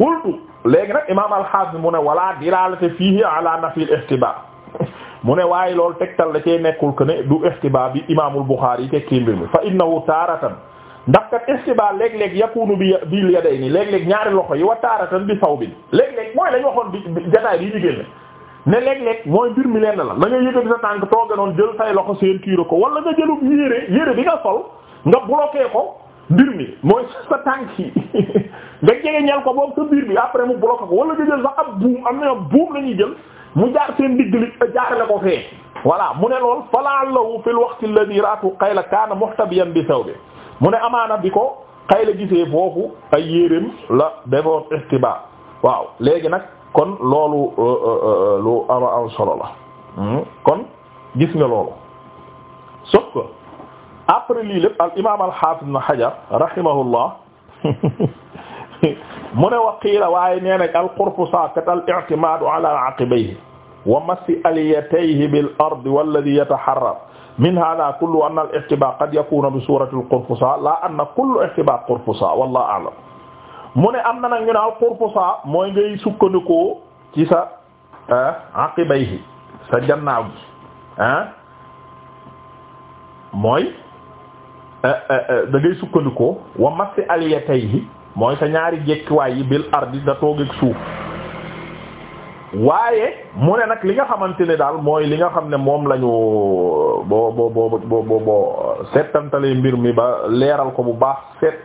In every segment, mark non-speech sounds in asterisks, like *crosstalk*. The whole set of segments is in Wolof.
qultu léegi nag imaam alxaafis mu ne wala fii fiihi ala nafil ihtibaar *laughs* mu ne waaye loolu tegtal da cee nekkul que ne du ihtibaar bi imaamul Buxaari yi tekkii mbir mi fa innahu taaratan ndax kat ihtibaar léeg-léeg yakunu bi bil ni léeg-léeg ñaari loxo yi wa taaratan bi sawbin léeg-léeg mooy lañ waxoon bi jataay bi ñu génne ne léeg-léeg mooy mbir mi lenn la la nga yëkkati sa tànk tooge noonu jël say loxo seen tiiro ko wala nga jëlub yére bi nga sol nga bloqué ko mbir mi mooy sa tànk yi *laughs* nga jegeñal ko boobu sa biir bi après mu bloqué ko wala nga jël sax ab buum am na yoon buum la jël mu jaar seen digg li jaarale ko fee. voilà mu ne lool falaalahu fil waqti alladhi raatu xayla kaana muhtabiyan bi sawbi mu ne amaana bi ko xay xayla gisee foofu ay yéreem la defoon istiba waaw léegi nag kon loolu euh, euh, euh, lu ama am solo la hmm? kon gis nga loolu sauf que après lii lépp al imaam al xaafis ibn Hajar rahimahullah mu ne wa qiila waaye nee nañ al qurfu saakat al i'timaadu ala aqibayhi wa massi aliyatayhi bil ardi walladhi yataharrar min haadaa kullu anna al ihtibaaq qad yakuunu bi suurati al qurfusaa laa anna kullu ihtibaaq qurfusaa wallaahu a'lam mu ne am na nag ñu ne al qurfusaa mooy ngay sukkandikoo ci sa ah, aqibayhi sa jannaaw gi ah mooy. Eh, eh, eh, da ngay sukkandikoo wa masi aliyatayhi mooy sa ñaari jekkiwaay yi bil ardi da toog suuf waaye mu ne nag li nga xamante ne daal mooy li nga xam ne moom lañu bo bo bo bo bo settantale mbir mi ba leeral ko bu baax seet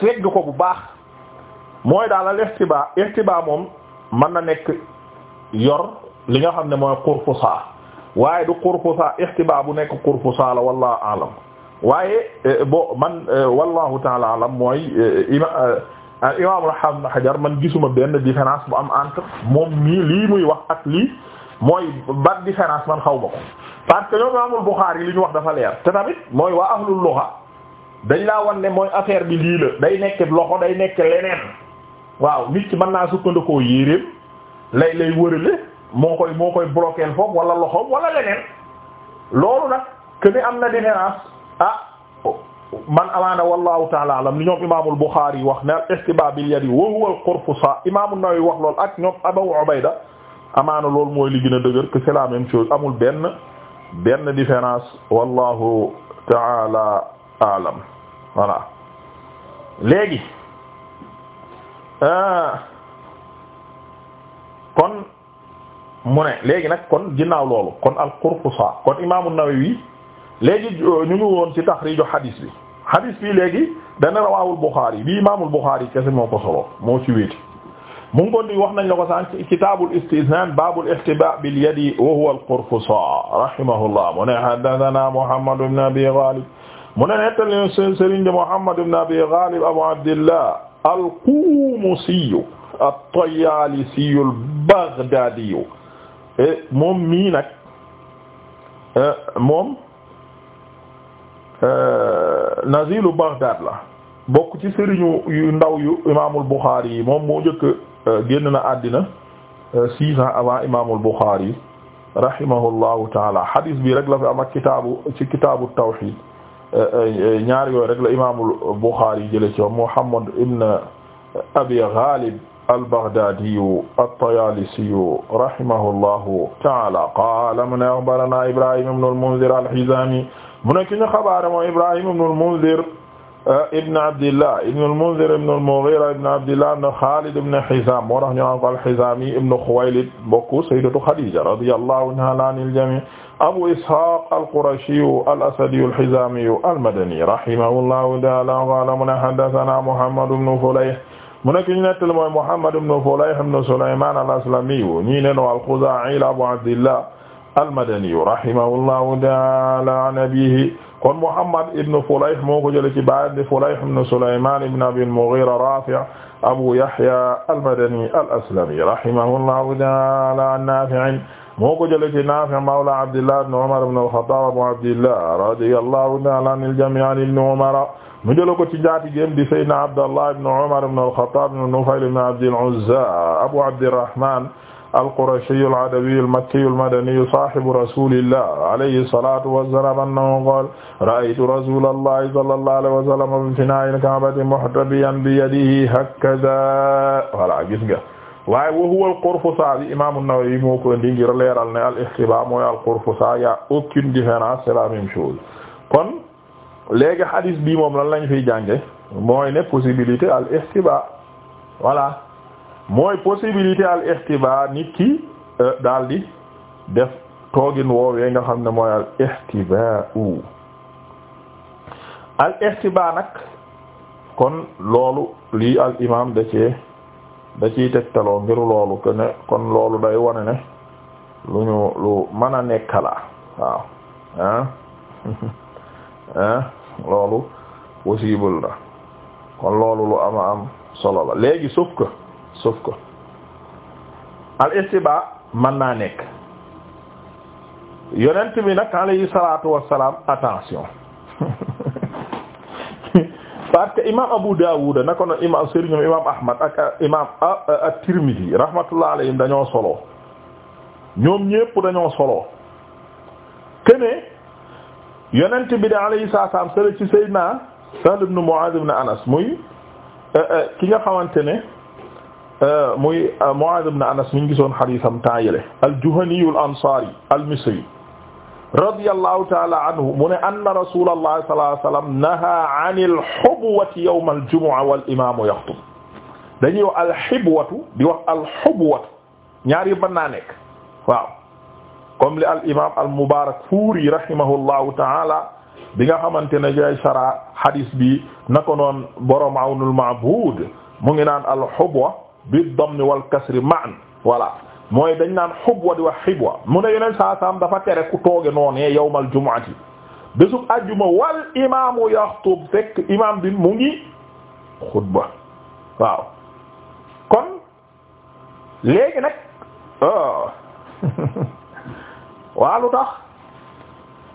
segg ko bu baax mooy daal al ixtibaa ixtibaa moom mën na nekk yor li nga xam ne mooy qurfusa waaye du qurfusa ixtibaa bu nekk qurfusa la wallahu aalam waaye eh, bo man eh, wallahu taala alam mooy eh, imaamul hasan hajar man gisuma benn différence bu am entre moom mii lii muy wax ak lii mooy ban différence man xaw ma ko parce que ñoom imaamul buxaari li ñu wax dafa leer te tamit mooy waa ahlul lugha dañ laa wan ne mooy affaire bi lii la day nekk loxo day nekk leneen waaw nit ci man naa sukkandikoo yéreem lay lay wërale moo koy moo koy bloquer foofu wala loxoom wala leneen loolu nag que am na différence man amaana wallahu taala alam li ñoom imaamul Buxaari yi wax ne al ihtiba bil yadi wa huwa al qurfusa imaamu Nawawi wax lool ak ñoom Abu Ubayda amaana loolu mooy li dëgër que c'est la même amul benn benn différence wallahu taala alam voilà léegi euh, kon mu ne léegi nag kon ginnaaw loolu kon al qurfusa kon imaamu Nawawi léegi euh, ñu ngi woon ci taxriiju xadiis bi xadiis bi léegi dana rawaawul Buxaari bi imaamul Buxaari kese moo ko solo moo ci wéeti mu ngi kon di wax nañ la ko sànq kitaabul istizaan baabul ixtibaa bil yadi wa huwa al qurfusaa rahimahullah mu ne haddasanaa Muhammad ibn Abi Ghalib mu ne nettali Serigne Muhammad ibn Abi Ghalib Abu Abdillah al-Qumusi at-Tayaalisi al-Baghdaadi eh, moom mii nag eh, moom. Euh, nazilu Baghdad la bokk ci sëriñu yu ndaw yu imaamul Bukhari yi moom moo njëkk euh, génn na àddina euh, six ans avant imaamul Bukhari rahimahullahu taala hadis bi rek la fi am ak kitaabu ci kitaabu tawhid ñaar yooyu rek la imaamul Bukhari jële ci moom Muhammad ibn Abi Ghalib al-Baghdadiyu at-Tayalisiyu rahimahullahu taala qaala mu ne axbarana Ibrahim ibn al-Munzir al-Hizami mu ne ki ñu xabaare mooy Ibrahim ibn al-Munzir eh, ibn Abdillah ibn al-Munzir ibn al-Mughira ibn Abdillah ibn Khalid ibn Hizam moo tax ñu naan ko al-Hizami ibn Khuwaylid mbokk sayyidatu Khadija radiyallahu ta'ala anil jami' Abu Ishaq al-Qurashi al-Asadi al-Hizami al-Madani rahimahullahu ta'ala qala mu ne haddathana Muhammad ibn Fulayh mu nekk ñu nettali mooy Muhammad ibn Fulayh ibn Sulayman al-Aslami ñii ne no al-Khuzai Abu Abdillah almadaniyu rahimahullahu taala an abihi kon Muhammad ibn Fulayh moo ko jëlee ci baayam di Fulayh ibn Sulaymaan ibn Abil Mughiira Raafi' Abu Yahya almadani al-Aslami rahimahullahu taala an Naafi' moo ko jëlee ci Naafi' mawla Abdillah ibn Umar ibn al-Khattaab Abu Abdillah radiyallahu taala anil jamii' an ibn Umar mu jëlee ko ci njaatigéem di Sayyidina Abdallah ibn Umar ibn al-Khattaab ibn Nufayl ibn Abdil Uzza Abu Abdirrahmaan al-Qurashiyu al-Adawiyu al-Makkiyu al-Madaniyu saahibu rasuulillah alayhi salaatu wa salaam annahu qaala ra'aytu rasuulallahi sallallahu alayhi wa sallam bi finaa'i al-ka'bati muhtabiyan bi yadihi hakadhaa voilà gis nga waaye wa huwa al-qurfusaa bi Imaam an-Nawawi moo ko indi ngir leeral ne al-ihtibaa mooy al-qurfusaa y' a aucune différence c'est la même chose kon léegi hadis bi moom lan lañ fiy jànge mooy ne possibilité al-ihtibaa voilà. mooy possibilité al ihtiba nit ki euh, daal di def toogin woowe nga xam ne mooy al ihtiba u al ihtiba nag kon loolu lii al imam da cee da ciy tegtaloo ngir loolu kon loolu day wone ne lu ñu lu mën a nekka la waaw ah *laughs* loolu possible na kon loolu lu ama am solo la léegi sauf sauf ko al istiba mën naa nekk yonent bi nag alayhi salaatu wassalaam attention *laughs* parce que imam Abu Dawud nako no imam sëriñam imam Ahmad ak imam at-Tirmidhi rahmatullah alayhim dañoo solo ñoom ñépp dañoo solo kene yonent bi de alayhi salaam sëriñ ci Seydina Sahl ibn Mu'adh ibn Anas muy ki nga xamante ne Euh, muy euh, Mu'aaz ibn Anas mi ngi gisoon xadiisam taayile al-Juhani al-Ansaari al-Misri radiyallahu ta'ala anhu mu ne anna rasuulallahi sallallahu alayhi wa sallam nahaa 'anil hubwati yawma al-jumu'a wal imaamu yaxtub dañuy wax al-hibwatu di wax al-hubwatu ñaar yi mën naa nekk waaw comme li al-imaam al-Mubaarakfuuri rahimahullahu ta'ala bi nga xamante ne jay sara xadiis bi nako noon boroom Awnul Ma'buud mu ngi naan al-hubwa bi dammi wal kasri ma'an voilà mooy dañ naan xubwa di wax xibwa mu ne yeneen saa saam dafa tere ku tooge noonee yawmal jumu'ati bésub ajjuma wal imaamu yaxtub fekk imaam bi mu ngi xutba waaw kon léegi nag oh. *laughs* waaw lu tax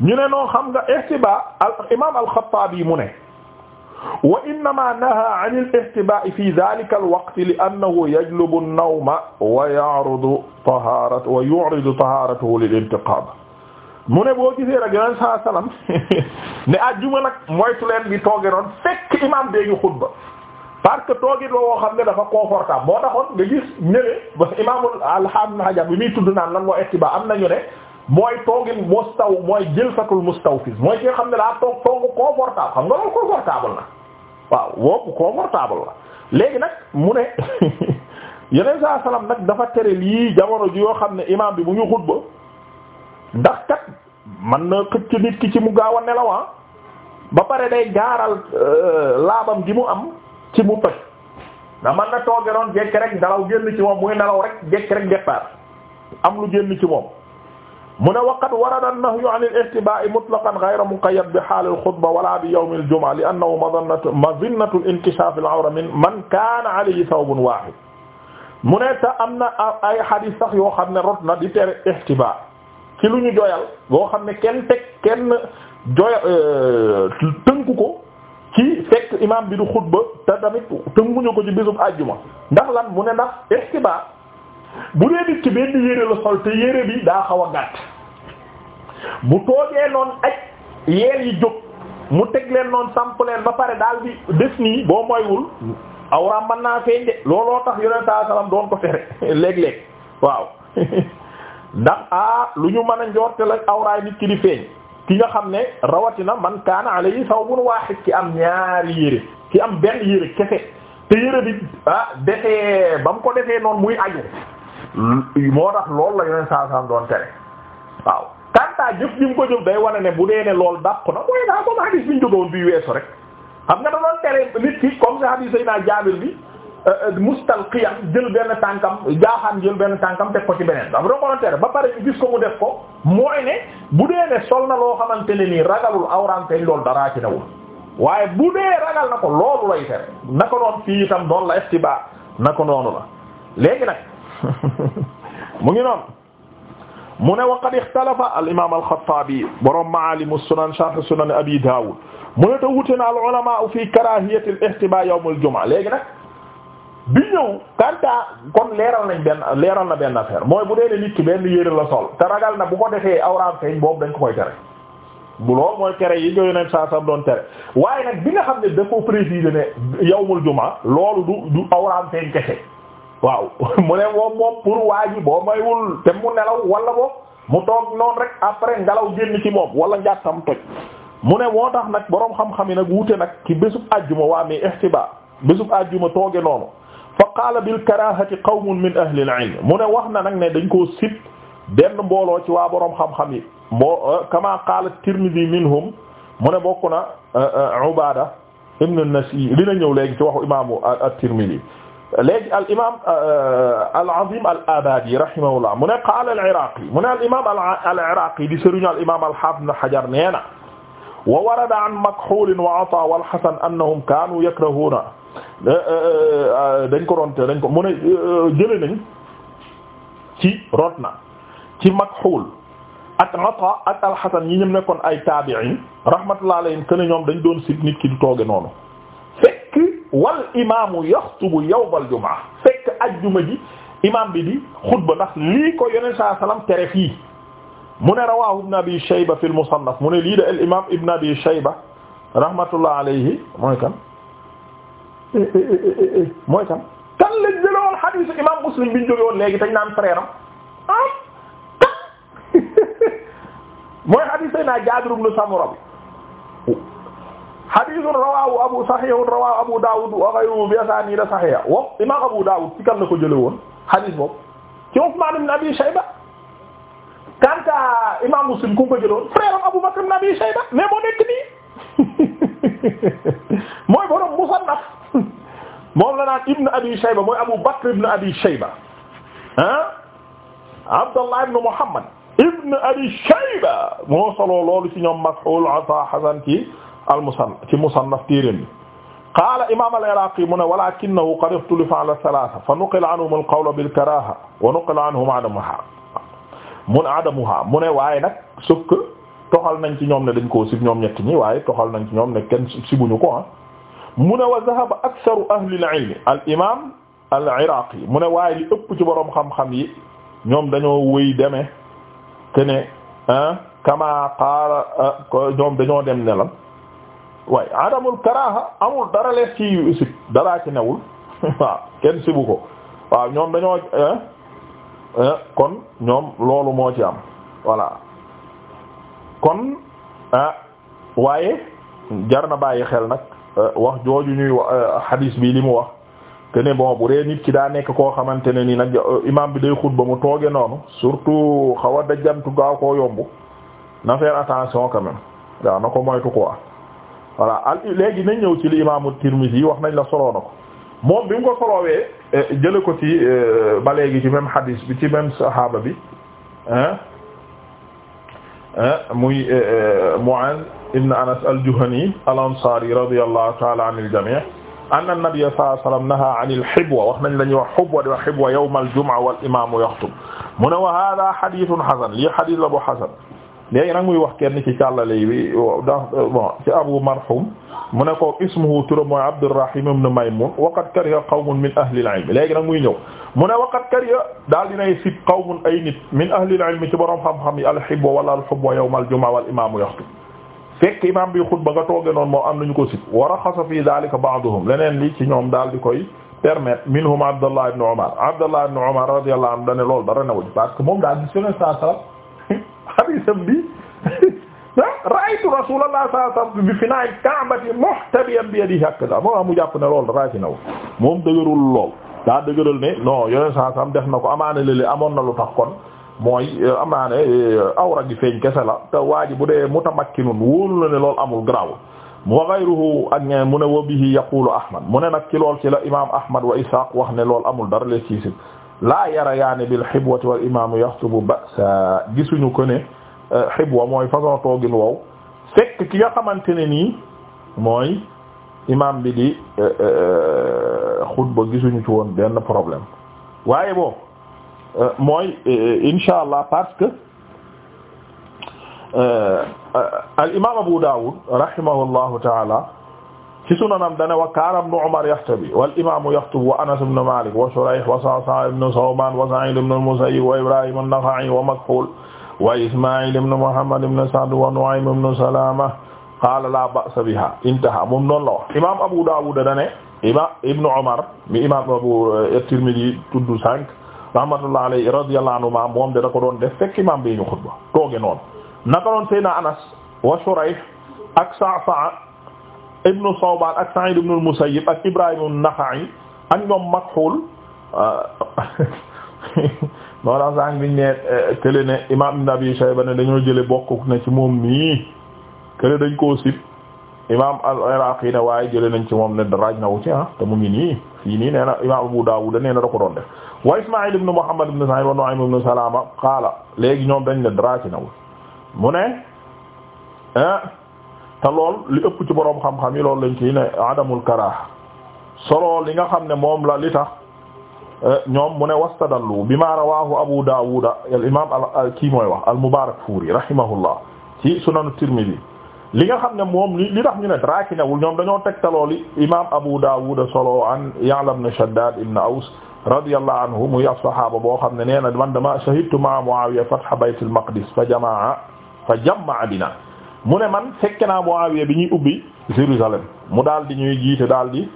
ñu ne noo xam nga ihtiba al mu ne wa innama naha an al-ihtiba'i fi dhalika al-waqt li annahu yajlubu an-nawma wa ya'rudu taharatu wa yu'ridu taharatuhu lil-intiqab mu ne boo gisee rek yoneen saa salaam ne àjjuma nag moytu leen bi tooge noon fekk imam bee ngi xutba parce que tooge loo woo xam ne dafa confortable moo taxoon nga gis ñëwee ba imaamul alhamdulilah bi muy tudd naan lan moo ihtiba am nañu ne mooy toogin mustaw mooy jilsatul mustawfiz mooy ki nga xam ne daa toog toogu confortable xam nga loolu confortable na waaw wooku confortable la léegi nag mu ne yeneen saa salaam nag dafa tere lii jamono ji yoo xam ne imaam bi mu ngi xutba ndax kat mën na xëcc nit ki ci mu gaaw a nelaw ah ba pare day gaaral euh, laabam gi mu am ci mu pëj nga mën na tooge noonu jekk rek dalaw génn ci moom muy nelaw rek jekk rek départ am lu génn ci moom mu ne waqad warada an-nahyu an al-ihtibaa'i mutlaqan ghayra muqayyad bi haal al-xutba wala bi yawm al-jumu'a li annahu mazinnatu mazinnatu al-inkishaaf al-awra min man kaana alayhi thawbun waahid mu ne te am na ay hadith sax yoo xam ne rot na di tere ihtibaa ci lu ñu jooyal boo xam ne kenn teg kenn jooya euh, tënku ko ci fekk imaam bi du xutba te tamit tënkuñu ko ci bisub àjjuma ndax lan mu ne ndax ihtibaa bu dee nit ki benn yére la sol te yére bi daa xaw a gàtt bu toogee noonu aj yeel yi jóg mu teg leen noon samp leen ba pare daal di def nii boo moywul awraam mën naa feeñ de looloo tax yonent saa salaam doon ko tere *laughs* léeg-léeg waaw *laughs* ndax ah lu ñu mën a njorte la awraay nit ki di feeñ ki nga xam ne rawatina man kaana alayhi sawbun waahid ki am ñaari yére ki am benn yére kese te yére bi ah defee ba mu ko defee noonu muy aju moo tax loolu la yeneen saa saa doon tere waaw kantaa jëf ji ko jëf day wane ne bu dee ne loolu dàq na mooy daa bi ñu rek xam nga da doon tere nit ki comme sa hadis Seydina Jaabir bi euh, euh, mustalqiyan jël benn tànkam jaaxaan jël benn tànkam teg ko ci beneen dafa doon ko tere ba pare gis ko def ko bu dee sol na loo xamante ne nii ragalul awraam loolu daraa ci waaye bu dee na ko loolu lay tere naka noonu fii itam noonu la istiba naka noonu la léegi nag *laughs* mu ngi noonu mu ne waqad ixtalafa al imaam al xattaabi borom maalim sunan sharh sunan abi daawud mu ne te wute na al ulamaa fi karaahiyat al ihtibaa yawm al jumaa bi ñëw kanta kon leeral nañ benn leeral na benn affaire mooy bu dee ne nit ki benn yére la sol te ragal na bu ko defee awraam feeñ boobu dañ ko koy tere bu loolu mooy tere yi ñooy neen saa sam doon tere waaye nag bi nga xam ne da ko préciser ne yawmul jumaa du awraam feeñ kese waaw *laughs* mu ne moom moom pour waa ji boo maywul te mu nelaw wala bo mu toog noonu rek après ngelaw génn ci moom wala njàttam toj mu ne woo tax nag boroom xam-xam yi nag wuute nag ci bésub ajjuma waa mi ihtiba bésub ajjuma tooge noonu fa qaala bil karahati qawmun min ahli al ilm mu ne wax na nag ne dañ koo sib benn mbooloo ci waa boroom xam-xam yi mboo kama qaala tirmidhi minhum mu ne bokk na ubada ibn an-nasi dina ñëw léegi ci waxu imaamu at léegi al imaam euh, euh, al azim al abadi rahimahullah mu ne qaala al iraqi mu al imaam al iraqi di sëriñu al al haafid ibn hajar nee na wa warada an makxuul wa ata wal hasan annahum kaanu yakrahuuna euh, dañ ko ronte dañ ko mu ne jëlee nañ ci rot na ci makxuul ak ata ak al hasan ñi ñoom nekkoon ay taabi'iin rahmatullahi alayhim ñoom dañ doon sib nit ki di tooge noonu wal imaamu yaxtubu yawmal jumaa fekk ajjuma ji imaam bi di xutba ndax lii ko yonent saa salaam tere fii mu ne rawaahu ibn abi shayba fil musannaf mu ne lii de al imaam ibn abi shayba rahmatullah alayhi mooy kan eh, eh, eh, mooy kan kan la jëlee woon hadiis imaam muslim bi ñu jógee woon léegi tañ naan frère am ah *laughs* mooy hadiis naa Jaabir ibn Samura bi xadiisun rawaahu abu saxiixun rawaahu abu daawud wa xayruhu bi asaaniida saxiixa wa imaam abu daawud ci kan la ko jële woon xadiis boobu ci Usmaan ibn Abi Shayba kanta imaam muslim ku ko jële woon frère am abu bakr ibn Abi Shayba mais moo nekk nii *laughs* mooy borom musannaf moom la naan ibn Abi Shayba mooy abu bakr ibn Abi Shayba ah Abdallah ibn Muhammad ibn Abi Shayba moo solo loolu ci ñoom Mas'uul Ataa Hasan ci al-Musannaf ci Musannaf téeréem bi qaala imaam al-Iraaqi mu ne walaakinnahu qad ixtulifa ala salaasa fa nuqila anhum al-qawlu bil-karaaha wa nuqila anhum adamuhaa mu ne adamuhaa mu ne waaye nag sauf que toxal nañ ci ñoom ne dañ koo sib ñoom ñett ñi waaye toxal nañ ci ñoom ne kenn sibuñu ko ah mu ne wa zahaba aktharu ahli al-ilmi al-imaam al-Iraaqi mu ne waaye li ëpp ci boroom xam-xam yi ñoom dañoo wëy demee que ne ah kamaa qaala ah, ñoom dañoo dem ne lan waaye adamul karaaha amul dara lees ci sib daraa ci newul *laughs* waaw kenn sibu ko waaw ñoom dañoo eh, eh, kon ñoom loolu moo ci am voilà kon ah waaye jar na bàyyi xel nag wax jooju ñuy wax xadiis bii li mu wax que ne bon bu dee nit ki daa nekk koo xamante ne nii nag imam bi day ba mu tooge noonu surtout xaw a dajjantu gaaw koo yomb na faire attention quand même waaw na ko moytu quoi voilà al léegi nañ ñëw ci li imaamu Tirmizi yi wax nañ la soloo na ko moom bi mu ko soloowee eh, jële ko ci eh, ba léegi ci même hadis bi ci même sahaaba bi muy eh, Mu'aaz ibn Anas al-Juhani al-Ansaari radiyallahu ta'ala anil jamii' anna nabiyya sallallahu alayhi wa sallam nahaa anil hibwa wax nañ la ñuy wax hubwa di wax hibwa yawmal jumu'a wal imaamu yaxtub mu ne wa haaza hadiisun hasan lii hadiis la bu hasan léegi nag muy wax kenn ci càllale yi da bon ci abu marhum mu ne ko ismuhu turam mooy abdurrahim ibn maymun waqad kariha qawmun min ahli al-ilm léegi nag muy ñëw mu ne waqad kariha daal dinay sib qawmun ay nit min ahli al-ilm ci borom xam-xam yi alhibwa wala alhubwa yawm al-jumu'a wal imamu yaxtub fekk imam bi xutba nga tooge noonu moo am nañu ko sib wa raxasa fi dhalika ba'duhum leneen li ci ñoom daal di koy permettre minhum abdallah ibn umar abdallah ibn umar radiyallahu anhu dane loolu dara newu parce que moom daal gis yoneen sa xadisam bi ah, ra'aytu rasulallah sallallahu alayhi wasallam bi yi ka'bati muhtabiyan bi yadihi hakaza moo mu naw moom dëgërul lool daa dëgëral ne non yeneen saa sam def na ko amaana lële amoon na lu tax kon mooy eh, amaane eh, awra gi feeñ kese la te waa ji bu dee mutamakkinun wóolu la ne lool amul garaaw wa ghayruhu ak ñe mu ne wa bihi yaqulu ahmad mu ne nag ci lool ci la imam ahmad wa ishaq wax ne loolu amul dara le ci laa yara yaani bil xibwati wal imaamu yaxtubu ba'sa gisuñu ko ne euh, xibwa mooy façon toogin wow fekk ki nga xamante ne nii mooy imaam bi di euh, euh, xutba gisuñu ci woon benn problème waaye bon mooy insha allah parce que al imaam Abu Dawud rahimahullahu taala ci sunanam dane wa kaana ibnu Umar yaxtubu wal imaamu yaxtubu wa Anas ibnu Maalik wa Shurayh wa Sa'sa'a ibnu Sawbaan wa Sa'iid ibnu al-Musayyib wa Ibraahiim an-Nakha'i wa Makhuul wa Ismaa'iil ibnu Muhammad ibnu Sa'd wa Nu'aym ibnu Salaama qaala laa ba'sa bihaa intahaa moom noonu la wax imaam Abu Daawuud dane imaam ibnu Umar mi imaam Abu at-Tirmidhi tudd sànq rahmatullahi alayhi radiyallahu anhumaa moom de da ko doon def fekk imaam bi ñu xutba tooge noonu naka noonu Seydina Anas wa Shurayh ak Sa'sa'a ibnu Sawbaan ak Sa'iid ibnu al-Musayyib ak Ibraahiim an-Naxa'i ak ñoom Makhuul ah, *laughs* moo tax sànq biñ ne eh, kële ne imaam Ibn Shayba ne dañoo jële bokk na ci moom nii kële dañ koo sib imaam al-Iraaqi ne waaye jële nañ ci moom ne daraaj nawu ci ah te mu ngi nii fii nii nee imaam Abu Daawud nee na da ko doon def wa Ismaa'il ibn Muhammad ibn Salaama qaala léegi ñoom dañ ne daraaj nawul mu ne ah te lool li ëpp ci boroom xam-xam yi loolu lañ ciy ne adamul karaaha solo li nga xam ne moom la li tax eh, ñoom mu ne wastadallu bima rawahu abu daawud al imam al kii mooy wax al mubarakfuri rahimahullah ci sunan tirmidhi li nga xam ne moom li tax ñu ne dara ci newul ñoom dañoo tegtaloo li imam abu daawud solo an ya'la ibn shaddad ibn aws radiyallahu anhu muy ab sahaaba boo xam ne nee na man dama shahidtu ma muawiya fatha bayt al maqdis fa jamaa fa jamaa bina mu ne man fekke naa Muawiya bi ñuy ubbi Jérusalem mu daal di ñuy jiite daal di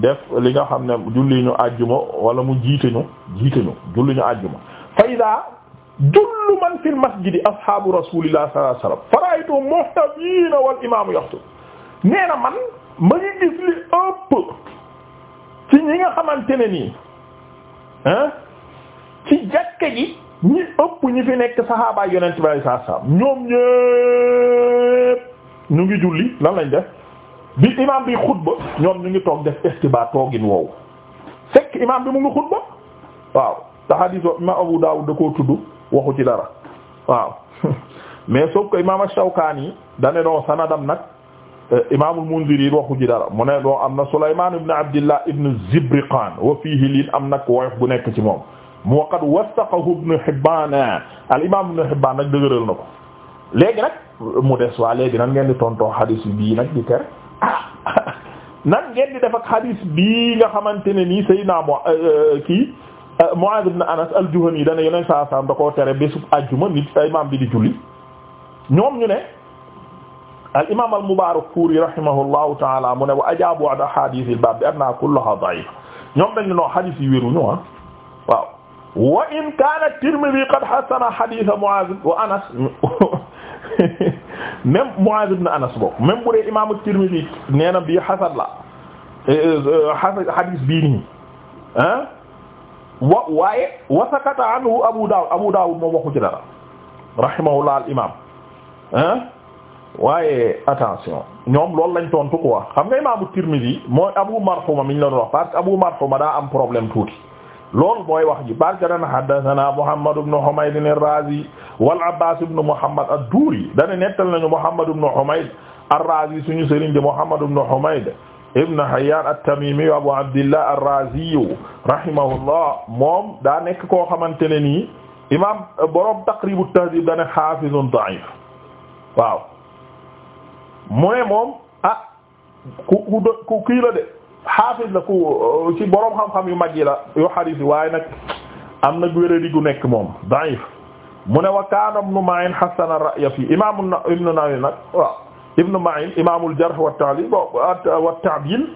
def li nga xam ne julli ñu àjjuma wala mu jiite ñu jiite ñu julli ñu àjjuma fa ida jullu man fil masjidi ashaabu rasuulillah sallallahu alayhi muhtabiina wal imaamu yaxtub nee na man ma ngi gis li ëpp ci ñi nga xamante ne nii ah ci jàkka ji ñi ëpp ñi fi nekk saxaabaay yonent bi sallallahu alayhi wasallam ñoom ñépp ñu ngi julli lan lañ def bi imaam bi xutba ñoom ñu ngi toog def istiba toogin woowu fekk imaam bi mu ngi xutba waaw te hadith imaam Abu Dawud da koo tudd waxu ci dara waaw *laughs* mais sauf que imaam Shawkaani dane doo sanadam nag eh, imaamul Munziri waxu ji dara mu ne doo am na Sulaymaan ibn Abdillah ibn Zibriqaan wa fiihi am nag woyof bu nekk ci moom mu qad wasaqahu ibn Hibbaan al imaam ibn Hibbaan nag dëgëral na ko léegi nag mu des waa léegi nan ngeen di tontoo xadiis bii nag di tere nan ngeen di def ak bi nga xamante ne nii Seydina mo euh, euh, kii euh, Muaaz ibn Anas al-Juhani dana yeneen saa saam da koo tere bésub àjjuma nit imaam bi di juli julli ñoom ñu ne al imaam al Mubaarakfuuri rahimahullahu ta'aala mu ne wa ajaabu an ahaadiisil baab bi annaa kullahaa da'iifa ñoom dañ ne noo xadiis yi wéruñu ah waaw. wa in kaana Tirmidhi qad hasana haditha Muaz wa Anas *laughs* même Muaz ibn Anas bokk même bu dee imaamu Tirmidhi nee na bii hasan la hadith eh, eh, bii nii ah wa waaye wa sakata anhu Abu Dawud Abu Dawud moom waxu ci dara rahimahullah al imaam ah waaye attention ñoom loolu lañ tontu quoi xam nga imaamu Tirmidhi mooy Abu Marhuma mi ñu la doon wax parce que Abu Marhuma daa am problème tuuti. loolu mooy wax ji barka dana haddathana Muhammad ibn Humayd ar-Razi wal Abbas ibn Muhammad ad-Duri dana nettal nañu Muhammad ibn Humayd ar-Razi suñu sëriñ di Muhammad ibn Humayd ibn Hayyan at-Tamimi Abu Abdillah ar-Razi rahimahullah moom daa nekk koo xamante ne nii imam borom Taqrib at-Tahdhib dana hafizun da'if waaw mu ne moom ah ku ku kii la de xaafis la ku uh, ci boroom xam-xam yu mag yi la yu xaris yi waaye nag am na wéradi gu nekk moom da'if mu ne wa kaana ibnu Ma'in xasana ra'ya fii imaamu ibnu Nawawi nag waaw ibnu Ma'in imaamul jarh wa ta'dil wa ta'dil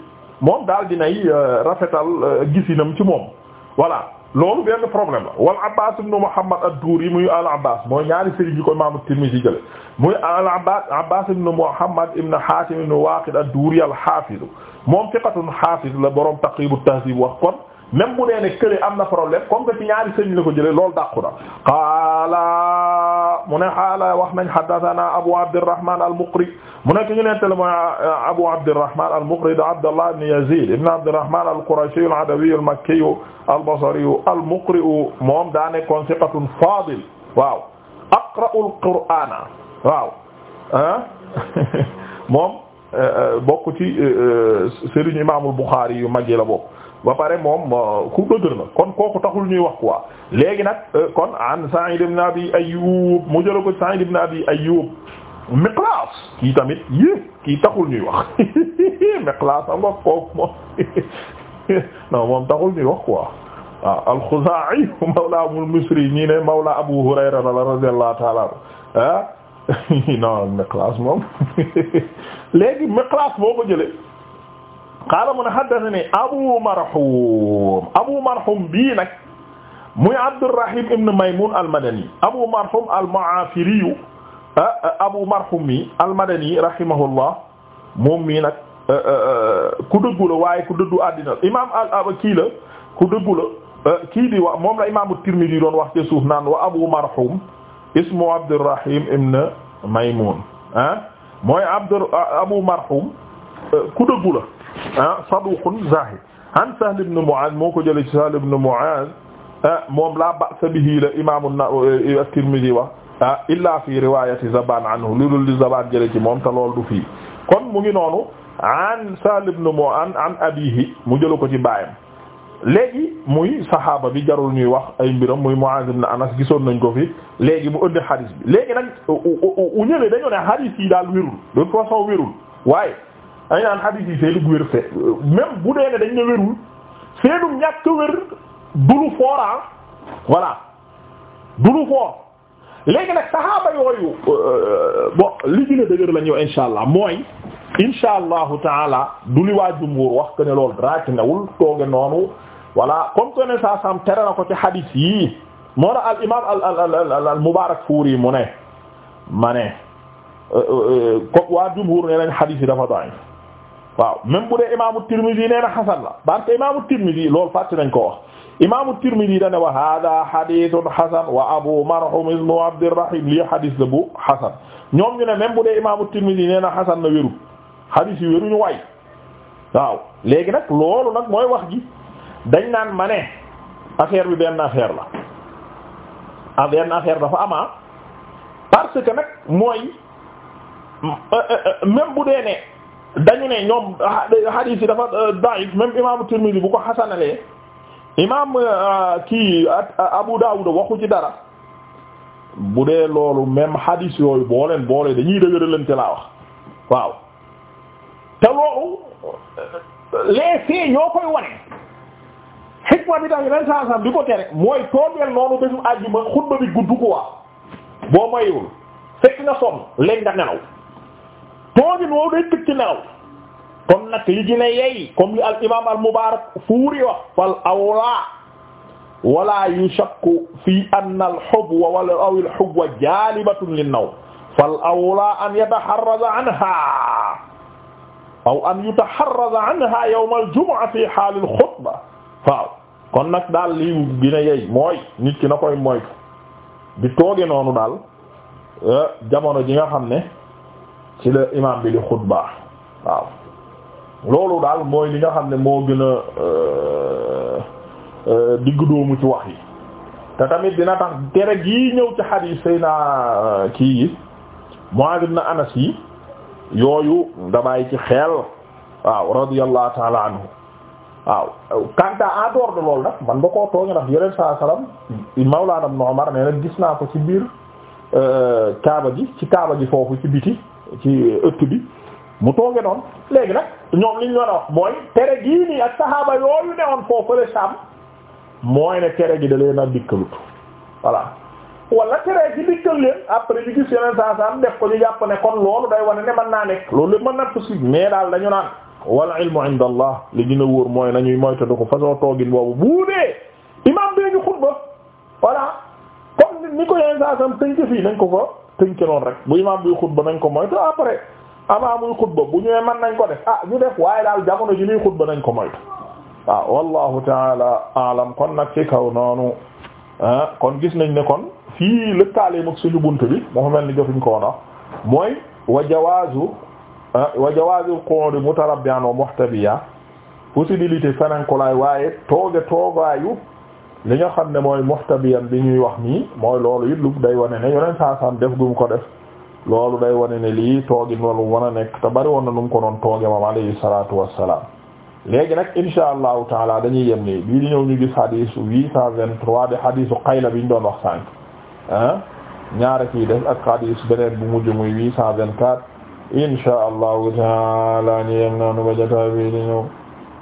moom daal dinay uh, rafetal uh, gisinam ci moom voilà loolu benn problème la wal abbas ibn muhammad ad-duri muy al abbas mooy ñaari sëriñ yi ko imam at-tirmidhi jële muy al abbas abbas muhammad ibn hatim ibn waqid ad-duri al-hafiz moom thiqatun hafiz la borom taqrib at-tahdhib wax kon même bu nee am na problème comme que ci ñaari ko jële loolu dàqu mu ne xaala wax nañ haddathana Abu Abdirrahman al-Muqri mu nekk ñu nettali mooy euh, Abu Abdirrahman al-Muqri da Abdallah ibn Yazid ibn Abdirrahman al-Qurashi al-Adawi al-Makki al-Basri al-Muqri moom daa nekkoon siqatun fadil waaw aqra'ul qur'ana waaw ah *laughs* moom euh, euh, bokk ci sëriñ Imaamul Bukhari yu mag yi la bokk ba pare moom ku dëgër na kon kooku taxul ñuy wax quoi léegi nag euh, kon an Sa'id ibn Abi Ayyub mu jël ko Sa'id ibn Abi Ayyub Miqlas kii tamit yé kii taxul ñuy wax *laughs* Miqlas a ngok kooku moom *laughs* non moom taxul ñuy wax quoi waaw ah, al-Khuzaa'i *laughs* mawla Abul Misri ñii ne mawla Abu Hurayra radiyallahu ta'ala ah non Miqlas moom léegi Miqlas boo ko jëlee qaala mun haddathanii Abu Marhum Abu Marhum bii nag muy Abdurrahim ibn Maymun al-Madani Abu Marhum al-Mu'afiri ah, ah, Abu Marhum mi al-Madani rahimahullah moom mii nag ah, ku dëggu la waaye ku dëddu àddina imaam al kii la ku dëggu la kii di wax moom la imaamu Tirmidhi doon wax ci suuf naan wa Abu Marhum ismu Abdurrahim ibn Maymun ah mooy Abdur Abu Marhum ku dëggu la. Ah, saduqun zahid an Sahl ibn Mu'adh moo ko jëlee ci Sahl ibn Mu'adh ah, moom la ba'sa bihi la imam eh, at-Tirmidhi wax ah, illa fi riwayati Zaban anhu lu li Zaban jëlee ci moom te loolu du fii kon mu ngi noonu an Sahl ibn Mu'adh mu jëlu ko ci baayam léegi muy saxaaba bi jarul ñuy wax ay mbiram muy Mu'adh ibn Anas gisoon nañ ko fi léegi mu ëndi xadis bi léegi nag u ñëwee dañoo ne xadis yi dañ naan hadith yi seenug wér fe même bu dee ne dañ ne wérul seenug ñàkk wér du lu fooraa ah. voilà du foor léegi nag saxaaba yooyu euh, euh, bon li gën a dëgër insha allah mooy insha allahu taala du li waa jumhur wax que ne loolu dara ci newul tooge noonu voilà comme que ne saa sam tere na ko ci hadith yi moo na al al al mubarak fuur mu ne ma ne euh, waa jumhur ne nañ hadith yi dafa daif waaw même bu dee imaamu Tirmidhi nee na xasan la parce que imaamu Tirmidhi loolu fàtte nañ ko wax imaamu Tirmidhi da ne wa hada hadithun xasan wa abu marhum ismu Abdurrahim lii hadith la bu xasan ñoom ñu ne même bu dee imaamu Tirmidhi nee na xasan na wéru hadith yi wéruñu waay waaw léegi nag loolu nag mooy wax ji dañ naan ma ne affaire bi benn affaire la ah benn affaire dafa ama ah parce que nag mooy euh, euh, euh, même bu dee ne dañu ne ñoom hadith yi dafa euh, da'if même imam Tirmidhi bu ko xasanalee imam euh, kii Abu Dawud waxu ci dara bu dee loolu même hadith yooyu boo leen boolee dañuy dëgëralante laa wax waaw te loolu euh, les faits ñoo koy wane xikma bi tax yeneen saa sam bi ko tere mooy toogeel noonu bésu àjjuma xutba bi gudd ko waaw boo mayul fekk nga sonn léegi nga nelaw toogin wow day tëj ci nelaw kon nag li gën a yey comme li al imaam al mubaarak fuuri wax fal awlaa wala yushakku fi anna al hubwa wala aw al hubwa jaalibatun lin nawm fal awlaa an yataharraza anhaa aw an yataharraza anhaa yawm al jumu'a fi haal al xutba waaw kon nag daal li gën a yey mooy nit ki na koy moytu di tooge noonu daal eh, jamono ji nga xam ne ci la imam bi di xutba waaw loolu daal mooy li nga xam ne moo gën a euh, euh, diggu doomu ci wax yi te tamit dina tax tere gii ñëw ci xadiis Seydina euh, kii yi Muaad ibn Anas yi yooyu nga bàyyi ci xel waaw radiyallahu ta'ala anhu waaw kanta en dehors de loolu nag man ba koo tooñ ndax yeneen saa salaam Mawlaana Ibn Umar nee na gis naa ko ci biir Kaaba gi ci Kaaba ji foofu ci biti ci ëtt bi mu tooge noonu léegi nag ñoom liñ doon wax mooy tere gii nii ak saxaaba yooyu newoon foofule saam mooy ne tere gi da leen a dikkalut voilà wala tere gi dikkal leen après ñu gis yeneen saa saam def ko ñu jàpp ne kon loolu day wane ne mën naa nekk loolu ma mën na possible mais daal dañu naan wal ilmu inda li gën a wóor mooy nañuy moytandi ko façon toogin boobu bu dee imam ñu xutba voilà comme ni ko yeneen saa saam tënk fii nañ ko ko tënke noonu rek bu imaam buy xutba nañ ko moytu après avant muy xutba bu ñëwee mën nañ ko def ah ñu def waaye daal jamono ji muy xutba nañ ko moytu waaw wallahu taala alam kon nag ci kaw noonu ah kon gis nañ ne kon fii lëkkaaleem ak suñu bunt bi dafa mel ni jotuñ ko woon wax mooy wa jawaazu ah wa jawaazu qu'ud mutarabbiyan wa muhtabiya possibilité fenankolaay waaye tooge toogaayu li nga xam ne mooy muxtabiyan bi ñuy wax nii mooy loolu it lu day wone ne yeneen saasaan def gum ko def loolu day wane ne lii toogi noonu wan a nekk te bari woon na nu mu ko doon tooge moom alayhi salaatu wassalaam léegi nag insha allahu taala dañuy yem nii bii di ñëw ñu gis xadiisu huit cent vingt-trois di xadiisu xayla bi ñu doon wax sànq ah ñaara kii def ak xadiis beneen bu mujj muy huit cent vingt-quatre insha allahu taala ñu yem noonu ba jotaay ñëw